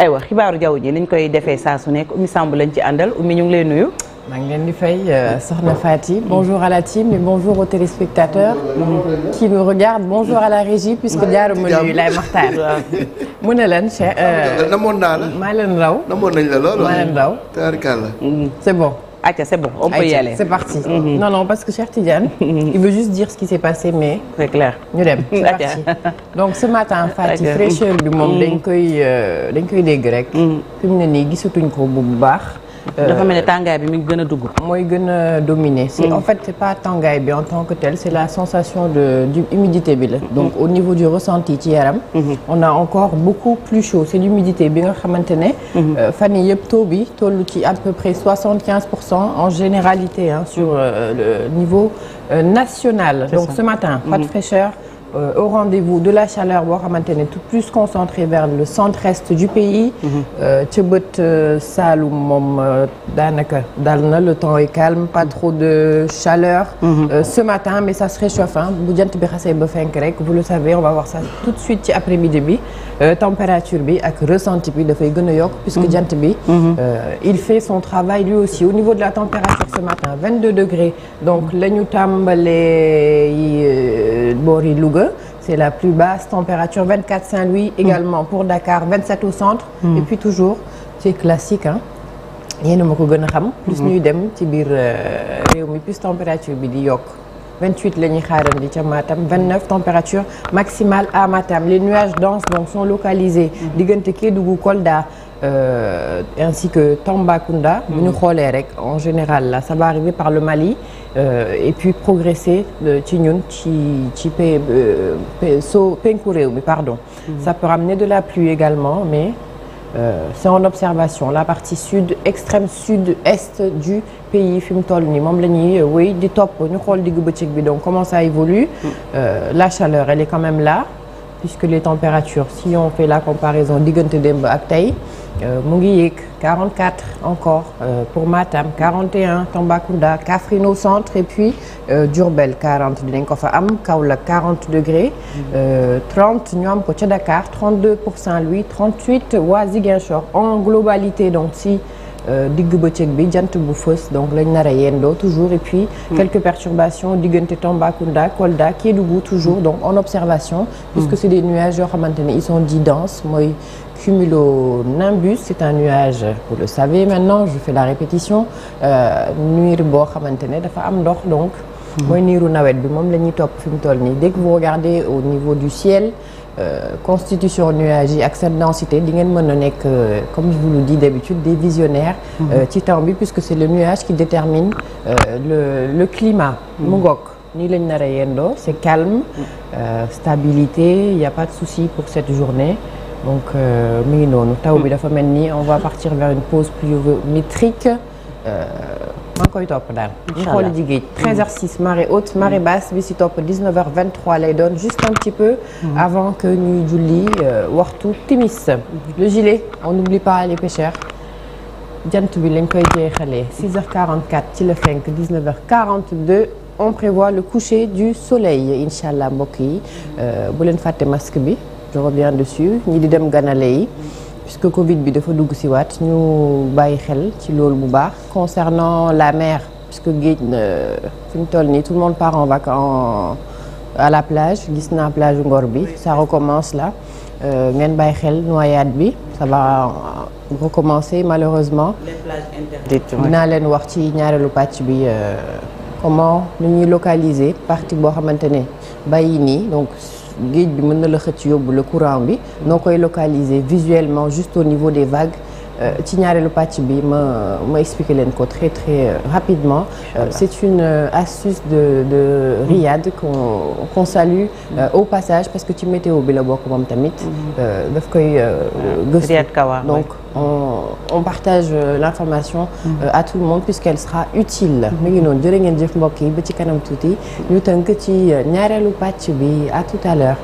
aywa xibaaru jaww ji nañ koy defee saa su nekk Oumy Samb lañ ci àndal Oumy ñu ngi lay nuyu. maa ngi leen di fay euh, Soxna Fati mm. bonjour à la team et bonjour aux téléspectateurs. Mm. qui nous regardent bonjour à la régie. puisque jaaru ma nuyu lay maxtaan. mu ne leen Cheikh. Euh, namoon naa la maa leen raw. namoon nañ la lool maa leen raw. taarikàlla. Mm. c'est bon. Aïcha c'est bon on ah, peut y aller c'est parti. Mhm. non non parce que Cheikh Tidiane. Mhm. il veut juste dire ce qui s'est passé mais. c'est clair ñu dem c'est parti donc ce matin Fatick fraîcheur bi moom mhm. dañ koy euh, dañ koy dégg rek. fi mu ne nii gisatuñ ko bu baax. Euh, dafa mel ne tàngaay bi mi gën dugg. mooy gën a hmm. en fait c'est tàngaay bi en tel c'est la sensation de du bi la. Hmm. donc au niveau du ressenti ci yaram. Hmm. a encore beaucoup plus bi nga xamante ne. Euh, fan yii yëpp taux bi tollu ci à peu près soixante quinze pour cent en généralité euh, niveau national. donc ce matin. euh, au rendez-vous de la chaleur boo xamante ne tout plus concentré vers le centre-est du pays. Mhm. Euh, ca bët euh, Saloum moom euh, daanaka dal na le temps est calme pas trop de chaleur. Mhm. Euh, ce matin mais ça se réchauffe bu jant bi xasee ba fenk rek vous le savez on va voir ça tout de suite ci après-midi bi. Euh, température bi ak ressenti bi dafay gën a yokk puisque mhm. jant bi mhm. euh, il fait son travail lui aussi au niveau de la température ce matin 22 degrés donc la ñu tàmbalee euh, boori Louga c'est la plus basse température 24 Saint-Louis mhm. également pour Dakar 27 au centre et puis toujours c'est classique hein yéen a ma ko gën a xam ñuy dem ci biir réew mi plus bi di yokk 28 la ñuy xaarandi ca Matam 29 température maximale à Matam les nuages denses donc sont localisés diggante Kédougou Kolda Euh, ainsi que Tambacounda. bu ñu hmm. xoolee rek en général là ça va arriver par le Mali euh, et puis progresser euh, ci ñun ci ci pe euh, so penku réew mi pardon. Mm -hmm. de la pluie également Euh, c'est en observation la partie sud extrême sud-est du pays fi mu toll nii moom la ñuy euh, wéy di topp ñu xool diggu bëccëg bi donc comment ça évolue. Mm. Euh, la chaleur elle est quand même là. puisque les températures si on fait la diggante démb ak tey euh, mu ngi yéeg 44 encore euh, pour Matam 41 Tambacounda Kaffrine au centre et puis euh, Diourbel 40 ko fa am Kaolack 40 degrés euh, 30 ñu am ko ca Dakar 32 pour Saint-Louis 38 waa Ziguinchor en Euh, digg bëccëg bi jant bu fës donc lañ nar a yendoo toujours et puis hmm. quelques perturbations diggante Tambacounda Kolda Kédougou toujours donc en observation hmm. puisque c'est des nuages yoo xamante ne ils sont dits denses mooy cumulonimbus c'est un nuage vous le savez maintenant je fais la répétition euh, nuir boo xamante ne dafa am ndox donc hmm. mooy niiru nawet bi moom la ñuy topp fi mu toll nii dès que vous regardez au niveau du ciel Euh, constitution nuage yi ak seen densité di ngeen mën a nekk euh, comme je vous le dis d'habitude des visionnaires mhm. euh, ci temps bi puisque c'est le nuage qui détermine le le climat mhm. mu ngoog nii lañ nar a yendoo c'est calme mhm. stabilité y a pas de souci pour cette journée donc mi ngi noonu taw bi dafa mel ni on va partir vers une pause pluviométrique maa koy topp daal. incha allah xooli jigéen 13 mm. bi si topp 19h23 lay doon juste un petit peu. Mm. que ñuy julli euh, waxtu timis. Mm-hmm. le jant bi lañ koy jeexalee 6h44 ci la fenk 19h42 on prévoit le coucher du soleil incha allah mbokk yi mm-hmm. euh, bu leen fàtte masque bi di dem ganale yi. Mm-hmm. puisque Covid bi dafa dugg si waat ñu bàyyi xel ci loolu bu baax. concernant la mer puisque géej na euh, fi mu toll nii tout le monde part en vacances à la plage gis naa plage Ngor bi ça recommence là euh, ngeen bàyyi xel noyade bi ça va recommencer malheureusement. dinaa leen wax ci ñaareelu pàcc bi. Euh, comment nu ñuy localiser partie boo xamante ne bàyyi nii donc. géej bi mën na la xëcc yóbbu la courant bi noo koy localiser visuellement juste au niveau des vagues Euh, ci ñaareelu pàcc bi ma ma expliquer leen ko très très rapidement euh, c'est une euh, astuce de de Riyad qu'on qu'on salue mm. au passage parce que ci météo bi la bokk moom tamit mm. daf koy ah, gëstu donc on on partage l'information mm. à tout le monde puisqu'elle sera utile mu ngi noonu jërë ngeen jëf mbokk yi ba ci kanam tuuti ñu tënk ci ñaareelu pàcc bi à tout à l'heure